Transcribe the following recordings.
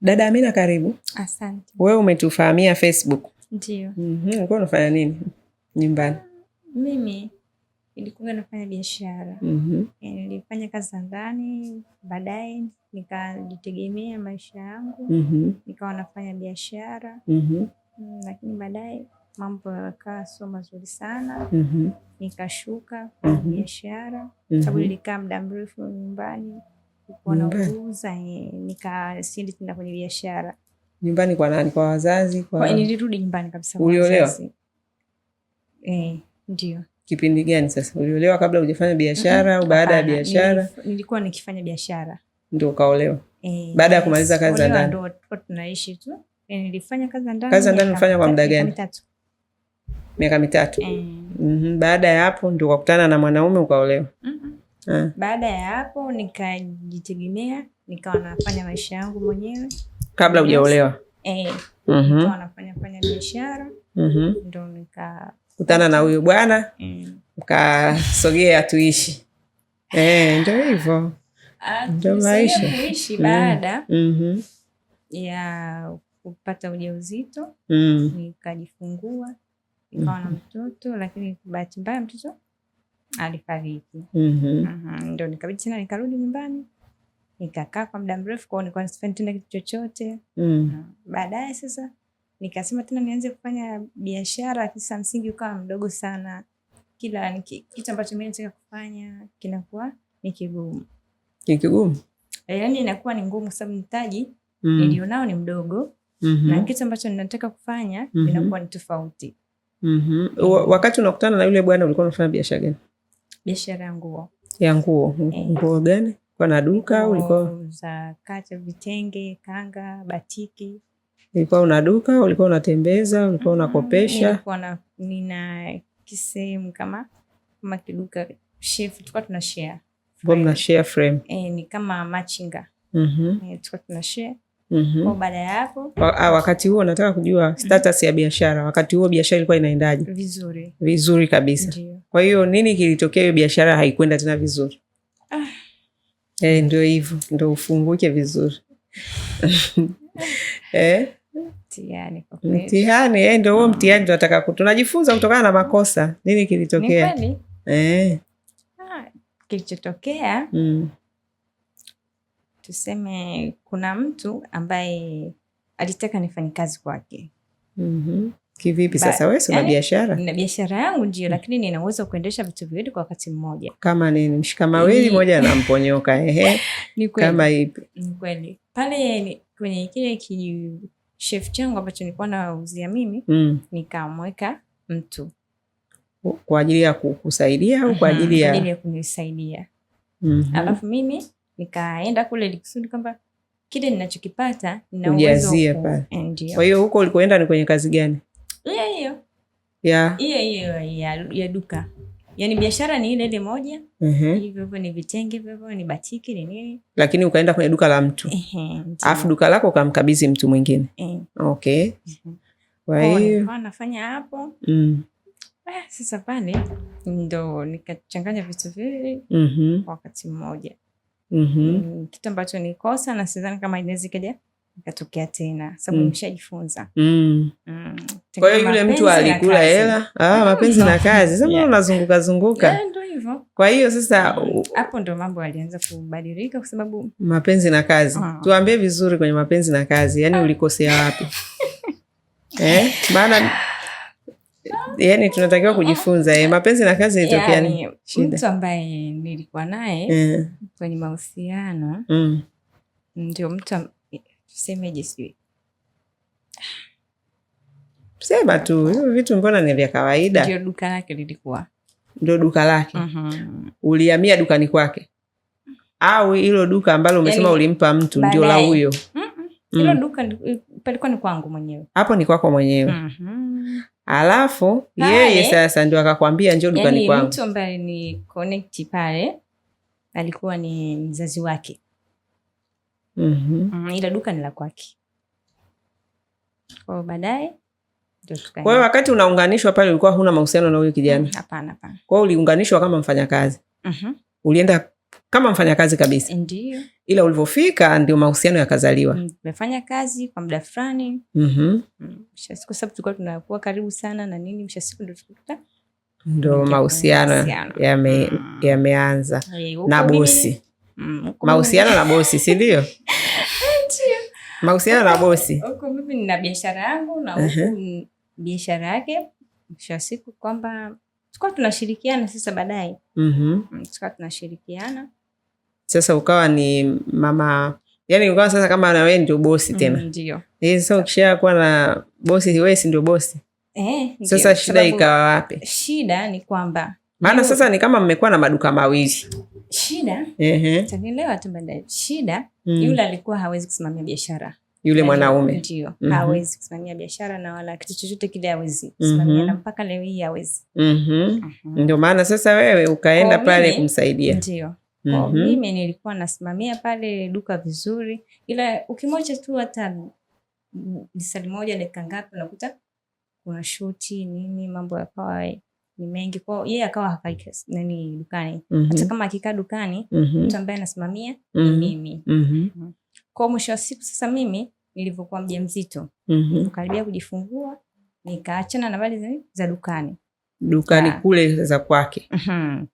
Dada Amina, karibu. Asante. Wewe umetufahamia Facebook? Ndio. Mhm, ulikuwa unafanya nini nyumbani? Mimi nilikuwa nafanya biashara. Mhm. Eh, nilifanya kazi za ndani, baadaye nikajitegemea maisha yangu. Mhm. Nikawa nafanya biashara. Mhm. Mm, lakini baadaye mambo yakawa sio mazuri sana. Mhm. Nikashuka mhm. biashara, mhm. sababu nilikaa muda mrefu nyumbani wanauza eh, nikasinditenda kwenye biashara. Nyumbani kwa nani? Kwa wazazi? Kwa... Kwa, eh, nilirudi nyumbani kabisa. Uliolewa? Eh, ndio. Kipindi gani sasa? Uliolewa kabla hujafanya biashara au baada ya biashara? Nilikuwa nikifanya biashara ndio ukaolewa? E, baada ya kumaliza kazi za ndani. Ndio tunaishi tu. Nilifanya kazi za ndani. Kazi za ndani ulifanya kwa muda gani? Miaka mitatu. Mm-hmm. Baada ya hapo ndio ukakutana na mwanaume ukaolewa? Mm-hmm. Eh. Baada ya hapo nikajitegemea, nikawa nafanya maisha yangu mwenyewe kabla hujaolewa. Eh. Mhm. Nikawa nafanya fanya biashara. Mhm. Ndio nikakutana na huyu bwana. Mm. Mkasogea tuishi. Eh, ndio hivyo. Ah, ndio maisha. tuishi mm. baada mm. ya kupata ujauzito mm. nikajifungua nikawa na mhm. mtoto, lakini bahati mbaya mtoto alifariki. mm -hmm. Ndo nikabidi tena nikarudi nyumbani nikakaa kwa muda mrefu kwao, nilikuwa sifanyi tena kitu chochote. mm. Baadaye sasa nikasema tena nianze kufanya biashara, kisa msingi ukawa mdogo sana, kila kitu ambacho mimi nataka kufanya kinakuwa ni kigumu, ni kigumu, eh, yaani inakuwa ni ngumu, sababu mtaji mm. nilionao ni mdogo mm -hmm. na kitu ambacho ninataka kufanya mm -hmm. inakuwa ni tofauti. mm -hmm. Wakati unakutana na yule bwana ulikuwa unafanya biashara gani? biashara ya nguo. Ya nguo, nguo eh. gani? Kwa na duka ulikuwa za kacha vitenge, kanga, batiki. Ulikuwa una duka, ulikuwa unatembeza, ulikuwa unakopesha? Nilikuwa na nina kisehemu kama kama kiduka chef, tulikuwa tuna share. mna share frame? Eh, ni kama machinga. Mhm. Mm, tulikuwa tuna share Mm -hmm. Baada ya hapo ah, wakati huo nataka kujua status mm -hmm. ya biashara. Wakati huo biashara ilikuwa inaendaje? Vizuri, vizuri kabisa. Ndiyo. Kwa hiyo nini kilitokea hiyo biashara haikwenda tena vizuri? Ah. Eh, ndio hivyo, ndio ufunguke vizuri eh? Mtihani, mtihani eh, ndio huo mtihani tunataka tunajifunza kutokana na makosa. Nini kilitokea? Ni kweli eh. Ah, kilichotokea mm tuseme kuna mtu ambaye alitaka nifanye kazi kwake. mm -hmm. Kivipi sasa? Wewe una yaani biashara? Na biashara yangu ndio, lakini nina uwezo wa kuendesha vitu viwili kwa wakati mmoja. Kama ni Mshika mawili moja anamponyoka. Ehe, ni kweli. Kama ipi? Ni kweli pale kwenye kile ki chef changu ambacho nilikuwa nauzia mimi mm. nikamweka mtu kwa ajili ya kukusaidia au kwa ajili ya kunisaidia. mm -hmm. Alafu mimi nikaenda kule likusudi kwamba kile ninachokipata nina uwezo pale. Eh, kwa hiyo huko ulikoenda ni kwenye kazi gani? Hiyo hiyo ya ya ya duka, yaani biashara ni ile ile moja hivyo hivyo, ni vitenge hivyo hivyo, ni batiki ni nini, lakini ukaenda kwenye duka la mtu, alafu duka lako ukamkabidhi mtu mwingine. Eh. Okay, mhm. kwa hiyo nafanya hapo mm. ah, sasa, pale ndo nikachanganya vitu vile mhm. wakati mmoja mm -hmm. kitu ambacho ni kosa na sidhani kama inaweza ikaja ikatokea tena sababu mm. nimeshajifunza. mm. mm. Kwa hiyo yule mtu alikula hela, ah, mm. mapenzi na kazi sasa, yeah. unazunguka zunguka ndio hivyo. Kwa hiyo sasa mm. hapo ndo mambo alianza kubadilika, kwa sababu mapenzi na kazi oh. Tuambie vizuri kwenye mapenzi na kazi, yani ah. ulikosea wapi? eh, maana yani tunatakiwa kujifunza eh, mapenzi na kazi itokeani. Yani, mtu ambaye nilikuwa naye yeah. kwenye mahusiano mm. ndio mtu tusemeje, sijui sema tu hivyo vitu, mbona ni vya kawaida. Ndio duka lake lilikuwa ndio duka lake mm -hmm. Ulihamia dukani kwake au hilo duka ambalo yaani, umesema yani, ulimpa mtu Ndio la huyo mm -mm. Hilo duka palikuwa ni kwangu mwenyewe, hapo ni kwako mwenyewe mm -hmm alafu yeye sasa ndio akakwambia njoo dukani kwangu. Mtu ambaye ni connect pale alikuwa ni mzazi wake mhm. mm -hmm. ila duka ni la kwake kwao baadaye. Kwa hiyo wakati unaunganishwa pale ulikuwa huna mahusiano na huyo kijana? Mm, hapana, hapana. Kwa hiyo uliunganishwa kama mfanyakazi mm ulienda kama mfanyakazi kabisa, ndio ila ulivyofika ndio mahusiano yakazaliwa. Mm, tumefanya kazi kwa muda fulani, mhm. mm, kwa sababu tulikuwa tunakuwa karibu sana na nini, mshasiku ndo siku tukuta ndo mahusiano mm. yameanza na bosi, mahusiano na bosi, si ndio? mahusiano na bosi huko, mimi nina biashara yangu na huku biashara yake, mwisho kwamba tukawa tunashirikiana sasa baadaye. Mm-hmm. mm -hmm. tukawa tunashirikiana sasa, ukawa ni mama yani, ukawa sasa kama na wewe ndio bosi mm, tena. mm, ndio sasa ukisha kuwa na bosi wee si ndio bosi eh? Sasa ndio. Shida ikawa wapi? Shida ni kwamba maana sasa ni kama mmekuwa na maduka mawili shida. Ehe. Tanielewa tu baadaye shida. mm. Yule alikuwa hawezi kusimamia biashara yule mwanaume ndio mm -hmm. hawezi kusimamia biashara na wala kitu chochote kile hawezi kusimamia mhm. mm -hmm. na mpaka leo hii hawezi mm -hmm. mm -hmm. Ndio maana sasa wewe ukaenda kwa pale mime, kumsaidia ndio mm -hmm. mimi nilikuwa nasimamia pale duka vizuri, ila ukimwacha tu hata lisali moja dakika ngapi, unakuta kuna shuti nini, mambo yakawa ni mengi kwao, yeye akawa hakai nani dukani mm -hmm. hata kama akikaa dukani mhm. mtu mm -hmm. ambaye anasimamia ni mm -hmm. mimi mm -hmm. Kwa mwisho wa siku sasa mimi nilivyokuwa mjamzito mm -hmm. karibia kujifungua nikaachana na habari za dukani dukani na, ah. kule za kwake mhm.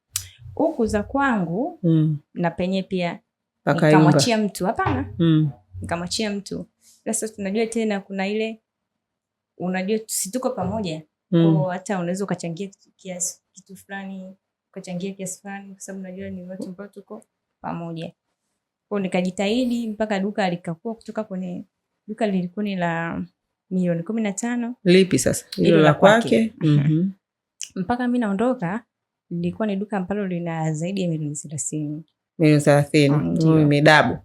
huku mm -hmm. za kwangu mm. na penye pia nikamwachia mtu hapana mm. nikamwachia mtu sasa tunajua tena kuna ile unajua situko pamoja mm. hata unaweza ukachangia kiasi kitu fulani ukachangia kiasi fulani kwa sababu unajua ni watu ambao tuko pamoja kwa nikajitahidi mpaka duka likakua kutoka kwenye duka lilikuwa ni la milioni kumi na tano. Lipi sasa? Hilo la kwake. Mhm. Mpaka mi naondoka lilikuwa ni duka ambalo lina zaidi ya milioni thelathini. Milioni thelathini mm, imedabu.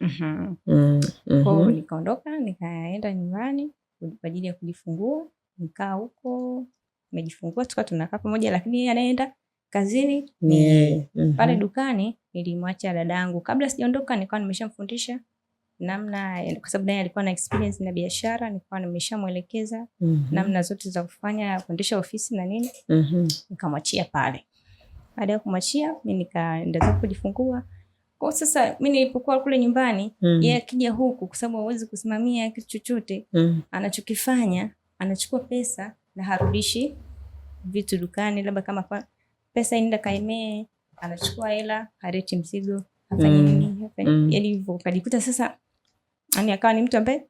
Mhm. Mm, Kwao mhm. nikaondoka nikaenda nyumbani kwa ajili ya kujifungua, nikaa huko mejifungua tuka tunakaa pamoja, lakini anaenda kazini ni mm -hmm. Pale dukani nilimwacha dadangu, kabla sijaondoka nikawa nimeshamfundisha namna, kwa sababu naye alikuwa na experience na biashara, nilikuwa nimeshamwelekeza mm -hmm. namna zote za kufanya kuendesha ofisi na nini mm -hmm. nikamwachia pale. Baada ya kumwachia mimi nikaenda zangu kujifungua. Kwa sasa mimi nilipokuwa kule nyumbani mm -hmm. yeye akija huku, kwa sababu hawezi kusimamia kitu chochote mm -hmm. anachokifanya, anachukua pesa na harudishi vitu dukani, labda kama kwa pesa inda kaimee, anachukua hela haleti mzigo, afanye mm. nini? Mm. Yaani hivyo sasa, yani akawa ni mtu ambaye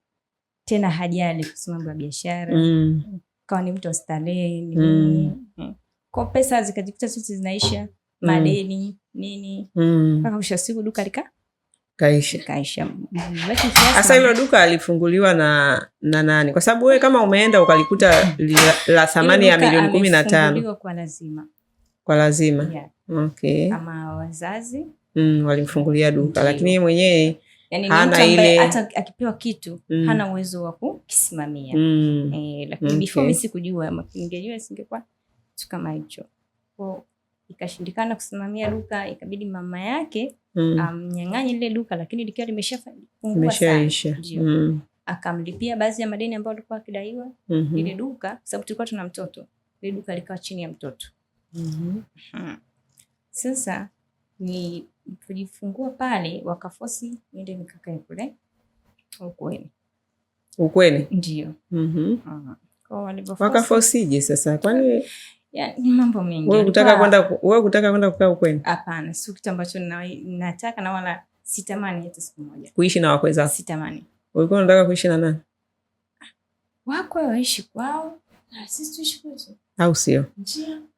tena hajali kuhusu mambo ya biashara mm. Akawa ni mtu wa starehe mm. Kwa pesa zikajikuta sisi zinaisha, mm. madeni nini mpaka mwisho wa siku duka lika kaisha. Sasa hilo duka alifunguliwa na, na nani? Kwa sababu wewe kama umeenda ukalikuta la thamani ya milioni kumi na tano kwa lazima kwa lazima yeah. Okay. Ama wazazi mm, walimfungulia duka lakini yeye mwenyewe yani hana ile hata akipewa kitu mm. hana uwezo wa kukisimamia mm. Eh, lakini okay. Before mimi sikujua, ningejua singekuwa kitu kama hicho. Kwa ikashindikana kusimamia duka, ikabidi mama yake mm. amnyang'anye mm. um, lile duka, lakini likiwa limeshafungua sana mm. akamlipia baadhi ya madeni ambayo alikuwa akidaiwa mm -hmm. ile duka, kwa sababu tulikuwa tuna mtoto, ile duka likawa chini ya mtoto Mm-hmm. -hmm. Sasa nilipojifungua pale wakafosi niende nikakae kule ukweni. Ukweni? Ndio. mm -hmm. Wakafosije sasa, kwani ni mambo mengi. Wewe kutaka kwenda wewe kutaka kwenda kukaa ukweni? Hapana, sio kitu ambacho nataka na wala sitamani hata siku moja kuishi na wakwe zako. Sitamani. Ulikuwa unataka kuishi na nani? Wakwe waishi kwao Ah, au sio?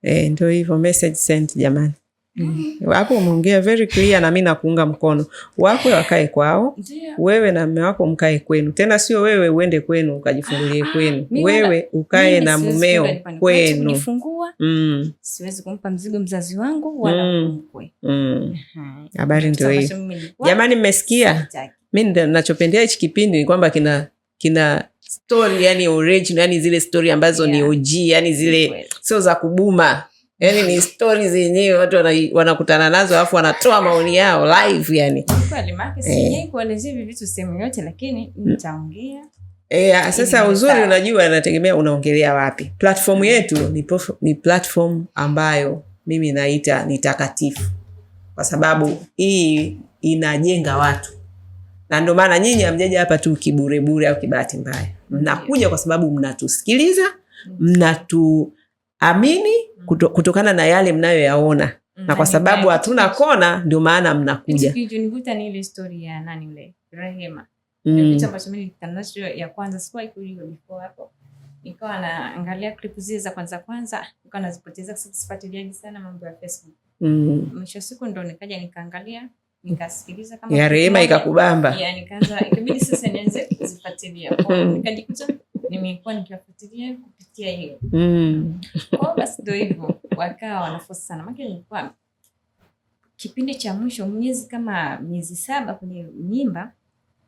E, ndio hivyo, message sent jamani. Mm. Wako umeongea very clear, na mi nakuunga mkono. Wakwe wakae kwao, wewe na mume wako mkae kwenu. Tena sio wewe uende kwenu ukajifungulie ah, ah, kwenu, wewe ukae na mumeo kwenu. Mm. Siwezi kumpa mzigo mzazi wangu wala mm. mkwe. Mm. Habari ndio hiyo jamani, mmesikia? Mi nachopendea hichi kipindi ni kwamba kina kina story yani original, yani zile story ambazo yeah. ni OG yani zile sio za kubuma yani ni stori zenyewe watu wanakutana nazo alafu wanatoa maoni yao live yani. Eh. Yeah, mm. eh, sasa uzuri unajua, inategemea unaongelea wapi. Platform mm. yetu ni, ni platform ambayo mimi naita ni takatifu, kwa sababu hii inajenga watu na ndio maana nyinyi hamjaja hapa tu kiburebure au kibahati mbaya, mnakuja kwa sababu mnatusikiliza, mnatuamini kuto, kutokana na yale mnayoyaona na kwa sababu hatuna kona, ndio maana mnakuja. Mm. Nikawa naangalia klipu zile za kwanza kwanza, nikawa nazipoteza, sifuatiliaji sana mambo ya Facebook. Mm. Mwisho siku ndo nikaja nikaangalia nikasikiliza kama ya Rehema ikakubamba. Yeah, nikaanza ikabidi sasa nianze kuzifuatilia. Nikajikuta nimekuwa nikiwafuatilia kupitia hiyo. Mm. Kwa basi ndio hivyo wakawa wanafosa sana. Maana nilikuwa kipindi cha mwisho miezi kama miezi saba kwenye mimba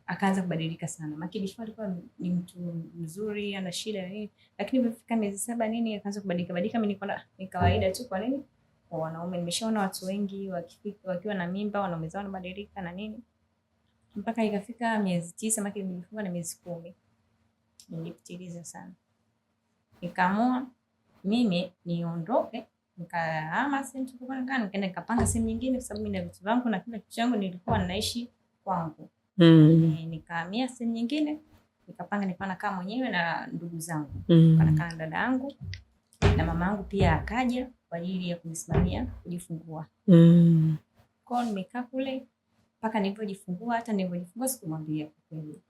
akaanza kubadilika sana. Maana before alikuwa ni mtu mzuri, ana shida nini, lakini imefika miezi saba nini akaanza kubadilika badilika, mimi nikaona ni kawaida tu kwa nini? kwa wanaume. Nimeshaona watu wengi wakifika wakiwa na mimba wanaume zao wanabadilika na nini, mpaka ikafika miezi tisa, maana nilifunga na miezi kumi, nilipitiliza sana. Nikaamua mimi niondoke, nikaama sehemu tulipokaa, nikaenda nikapanga sehemu nyingine, kwa sababu mimi na vitu vyangu na kila kitu changu nilikuwa naishi kwangu mm. E, nikahamia sehemu nyingine nikapanga nilikuwa nakaa mwenyewe na ndugu zangu mm. nakaa na dada yangu na mama yangu pia akaja kwa ajili ya kunisimamia kujifungua. Mm. Kwao nimekaa kule mpaka nilipojifungua. Hata nilipojifungua sikumwambia kwa kweli,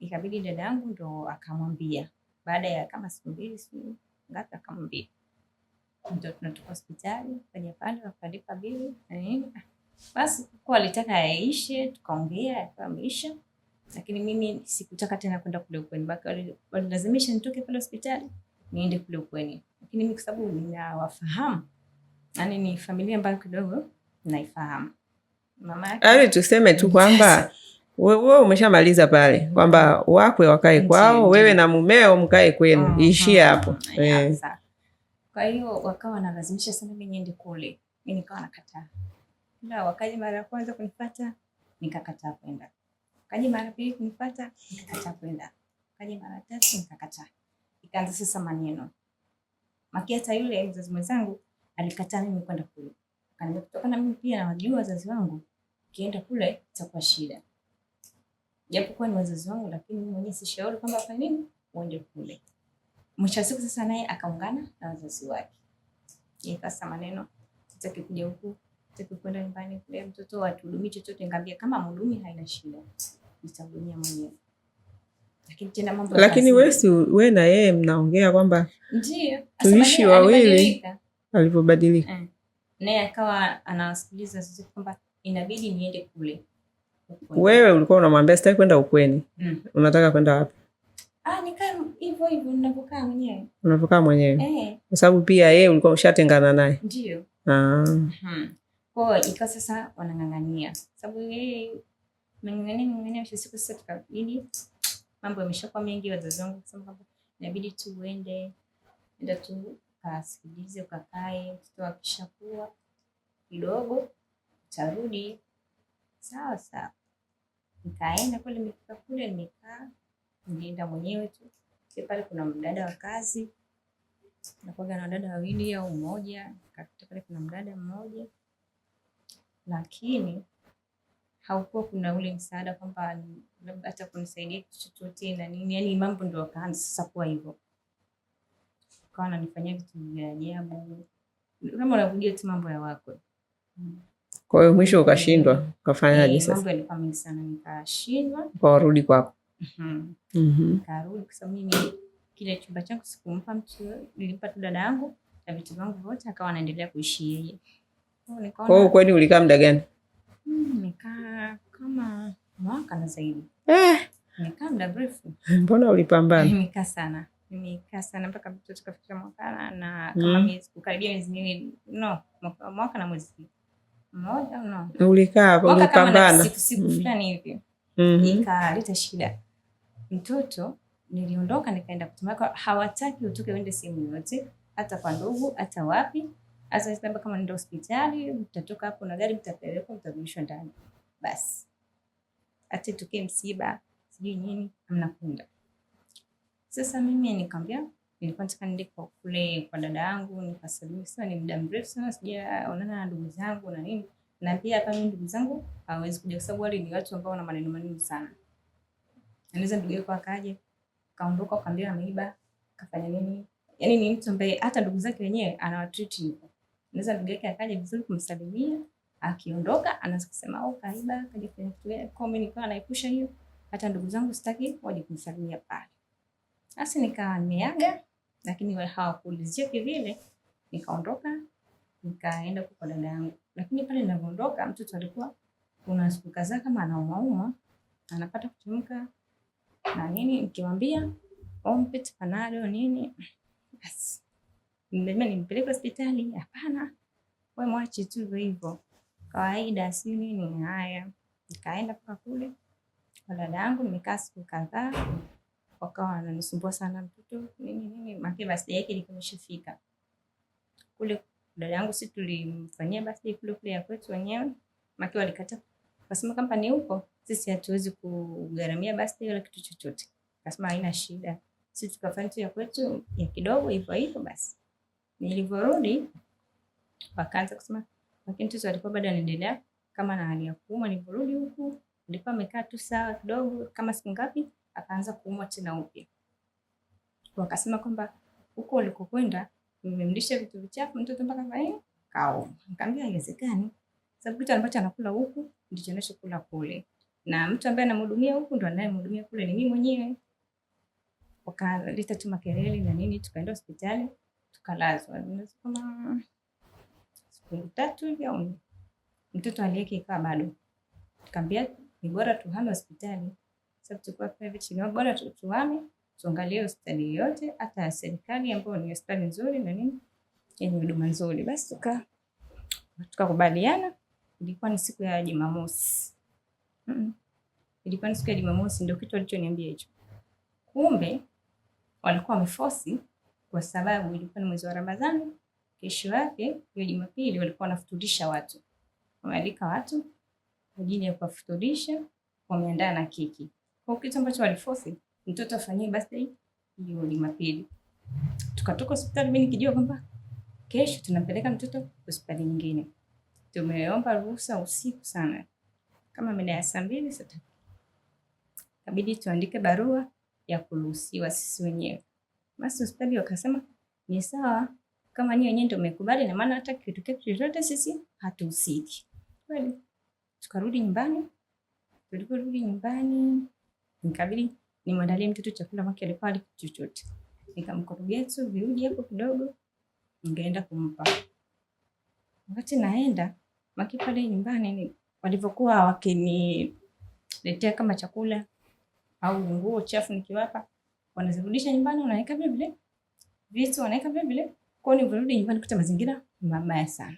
ikabidi dada yangu ndo akamwambia, baada ya kama siku mbili siku ngapi, akamwambia ndo tunatoka hospitali, kwenye pale wakalipa bili na nini. Basi kwa alitaka yaishe, tukaongea yakawa meisha, lakini mimi sikutaka tena kwenda kule ukweni, baki walilazimisha nitoke pale hospitali niende kule ukweni lakini mimi kwa sababu ninawafahamu yani ni familia ambayo kidogo naifahamu mama yaani tuseme tu kwamba wewe umeshamaliza pale kwamba wakwe wakae kwao, wewe na mumeo mkae kwenu, uh-huh. iishie hapo. Eh. Kwa hiyo wakawa wanalazimisha sana mimi niende kule, mimi nikawa nakataa. Ila wakaja mara ya kwanza kunipata, nikakataa kwenda. Kaja mara pili kunipata, nikakataa kwenda. Kaja mara tatu, nikakataa. Ikaanza sasa maneno hata yule mzazi mwenzangu alikataa mimi kwenda kule, akaniambia kutokana mimi pia nawajua wazazi wangu, ukienda kule itakuwa shida, japokuwa ni wazazi wangu, lakini mimi mwenyewe sishauri kwamba kwa nini uende kule. Mwisho wa siku sasa, naye akaungana na wazazi wake, ikasa maneno, sitaki kuja huku, sitaki kwenda nyumbani kule, mtoto watuhudumii chochote. Ngambia kama mhudumi haina shida, nitahudumia mwenyewe. Lakini si wewe na yeye mnaongea kwamba tuishi wawili, alivyobadilika eh, naye akawa anawasikiliza kwamba inabidi niende kule. Wewe ulikuwa unamwambia sitaki kwenda ukweni. mm. unataka kwenda wapi? Ah, unavyokaa mwenyewe eh. Kwa sababu pia yeye ulikuwa ushatengana naye mambo yameshakuwa mengi, wazazi wangu kusema kwamba inabidi tu uende enda tu ukasikilize ukakae, mtoto akishakuwa kidogo utarudi sawa sawa. Nikaenda kule, nimefika kule, nimekaa nilienda mwenyewe tu pale. Kuna mdada wa kazi nakuaga na wadada wawili au mmoja, nikakuta pale kuna mdada mmoja lakini haukuwa kuna ule msaada kwamba labda hata kunisaidia kitu chochote na nini, yani mambo ndo akaanza sasa kuwa hivyo, kawa nanifanyia vitu vya ajabu kama unakuja tu mambo ya wakwe. Kwa hiyo mwisho ukashindwa, ukafanyaje eh, sasa? Mambo yalikuwa mengi sana, nikashindwa, ukawarudi kwako. Mhm. Mhm. Nikarudi kwa sababu mimi kile chumba changu sikumpa mtu, nilimpa tu dada yangu na vitu vyangu vyote, akawa anaendelea kuishi yeye. Kwa hiyo kwani ulikaa muda gani? nikaa kama mwaka na zaidi. Eh, nimekaa muda mrefu. Mbona ulipambana? sana. sana mpaka mtoto mwaka na kama mm. miezi kukaribia miezi miwili. No, mwaka na mwezi mmoja no. Ulikaa ulipambana. Siku siku fulani mm. hivi. Mm-hmm. Ikaleta shida. Mtoto niliondoka nikaenda kutumaka, hawataki utoke uende sehemu yoyote, hata kwa ndugu, hata wapi. As labda kama nenda hospitali, mtatoka hapo na gari, mtapelekwa, mtarudishwa ndani. Basi ati tukie msiba sijui nini, kwenda. Sasa mimi nikamwambia nilikuwa nataka niende kwa kule kwa dada yangu nikasalimia, sasa ni muda mrefu sana sijaonana na ndugu zangu na nini, na pia hapa mimi ndugu zangu hawezi kuja, kwa sababu wale ni watu ambao wana maneno maneno sana. Anaweza ndugu yako akaje kaondoka, ukaambia ameiba, kafanya nini, yaani ni mtu ambaye hata ndugu zake wenyewe anawatreat hivyo Naweza ndugu yake akaja vizuri kumsalimia, akiondoka anaweza kusema au oh, kaiba kaja kwenye kile kombi, nikawa naepusha hiyo, hata ndugu zangu sitaki waje kumsalimia pale. Basi nikawa nimeaga, lakini wao hawakuulizia kivile, nikaondoka nikaenda kwa dada yangu, lakini pale ninapoondoka mtoto alikuwa kuna siku kadhaa kama anaumauma anapata kutumka na nini, nikimwambia ompe oh, panado nini, basi Mbeba nimpeleke hospitali? Hapana, we mwache tu hivyo hivyo, kawaida si nini. Haya, nikaenda mpaka kule kwa dada yangu, nimekaa siku kadhaa, wakawa wananisumbua sana, mtoto nini nini, make basi yake ilikuwa Kule dada yangu si tulimfanyia basi kule kule ya kwetu wenyewe, make walikata, kasema kama ni huko sisi hatuwezi kugharamia basi wala kitu chochote, kasema haina shida, sisi tukafanya tu ya kwetu ya kidogo hivyo hivyo basi Nilivyorudi wakaanza kusema, lakini Tuzo alikuwa bado anaendelea kama na hali ya kuumwa. Nilivyorudi huku alikuwa amekaa tu sawa kidogo, kama siku ngapi, akaanza kuumwa tena upya. Wakasema kwamba huko ulikokwenda umemlisha vitu vichafu mtoto mpaka kao. Nikamwambia haiwezekani, sababu kitu ambacho anakula huku ndicho anachokula kule, na mtu ambaye anamhudumia huku ndo anayemhudumia kule ni mimi mwenyewe. Wakaleta tu makelele na nini, tukaenda hospitali tukalazwa kama siku tatu hivi au mtoto hali yake bado, tukaambia ni bora tuhame hospitali, sababu tulikuwa private, chini, bora tuhame tuangalie hospitali yote hata ya serikali ambayo ni hospitali nzuri na nini yenye huduma nzuri. Basi tuka tukakubaliana, ilikuwa ni siku ya Jumamosi. mm -mm. Ilikuwa ni siku ya Jumamosi, ndio kitu alichoniambia hicho. Kumbe walikuwa wamefosi kwa sababu ilikuwa ni mwezi wa Ramadhani. Kesho yake hiyo Jumapili walikuwa wanafutulisha watu, wamealika watu kwa ajili ya kuwafutulisha, wameandaa na keki. Kwa kitu ambacho walifosi mtoto afanyie birthday hiyo Jumapili. Tukatoka hospitali, mimi nikijua kwamba kesho tunampeleka mtoto hospitali nyingine. Tumeomba ruhusa usiku sana, kama mida ya saa mbili, saa tatu, kabidi tuandike barua ya kuruhusiwa sisi wenyewe basi hospitali wakasema ni sawa, kama ni wenyewe ndio umekubali na maana hata kitu kitu chochote sisi hatuhusiki. Kweli tukarudi nyumbani. Tuliporudi nyumbani, nikabidi nimwandalie mtoto chakula maki alikuwa ali chochote, tu viuji hapo kidogo, nikaenda kumpa. Wakati naenda maki pale nyumbani, walivyokuwa wakiniletea kama chakula au nguo chafu nikiwapa wanazirudisha nyumbani, wanaweka vile vile vitu, wanaweka vile vile kwao. Nilivyorudi nyumbani kuta mazingira mabaya sana.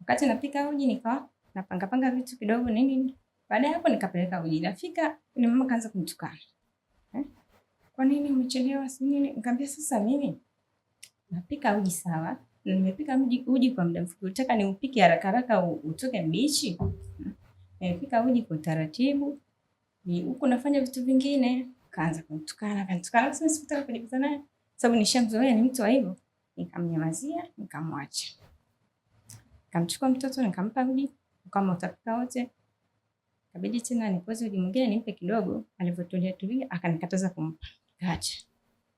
Wakati napika uji nikawa napanga panga vitu kidogo nini, baada ya hapo nikapeleka uji. Nafika ni mama kaanza kumtukana eh, kwa nini umechelewa, si nini? Nikamwambia sasa mimi napika uji sawa, na nimepika uji, uji kwa muda mfupi, utaka niupike haraka haraka utoke mbichi? Hmm. Nimepika uji kwa utaratibu, huko nafanya vitu vingine kaanza kunitukana kanitukana mimi sikutaka kujikuta naye sababu nishamzoea ni mtu wa hivyo. Nikamnyamazia, nikamwacha. Nikamchukua mtoto nikampa uji, kama utapika wote. Kabidi tena nikoze uji mwingine nimpe kidogo, alivyotulia tulia akanikataza kumpa. Nikaacha.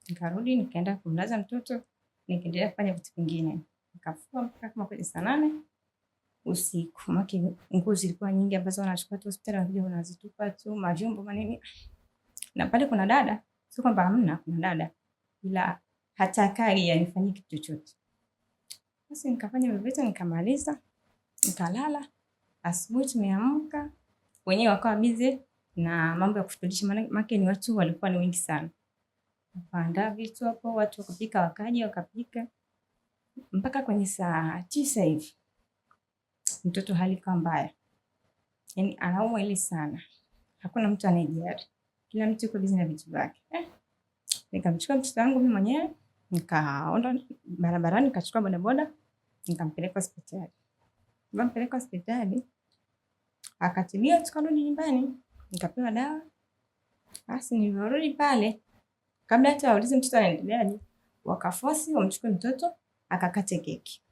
Nikarudi nikaenda kumlaza mtoto, nikaendelea kufanya vitu vingine. Nikafua mpaka kama kwenye saa nane usiku. Maki nguo zilikuwa nyingi ambazo wanachukua tu hospitali wanakuja wanazitupa tu, majumbo manini na pale kuna dada, sio kwamba hamna, kuna dada ila hatakai yanifanyie kitu chochote. Basi nikafanya vivyo, nikamaliza, nikalala. Asubuhi tumeamka, wenyewe wakawa bize na mambo ya kufutulisha, maana ni watu walikuwa ni wengi sana. Wakaandaa vitu hapo, watu wakapika, wakaja wakapika mpaka kwenye saa tisa hivi, mtoto hali kwa mbaya, yani anaumwa ile sana, hakuna mtu anayejali kila mtu yuko bizi na vitu vyake eh. Nikamchukua mtoto wangu mimi mwenyewe nikaonda barabarani, nikachukua bodaboda nikampeleka hospitali. Nikampeleka hospitali akatibia, tukarudi nyumbani, nikapewa dawa. Basi nilivyorudi pale, kabla hata waulize mtoto anaendeleaje, wakafosi wamchukue mtoto akakate keki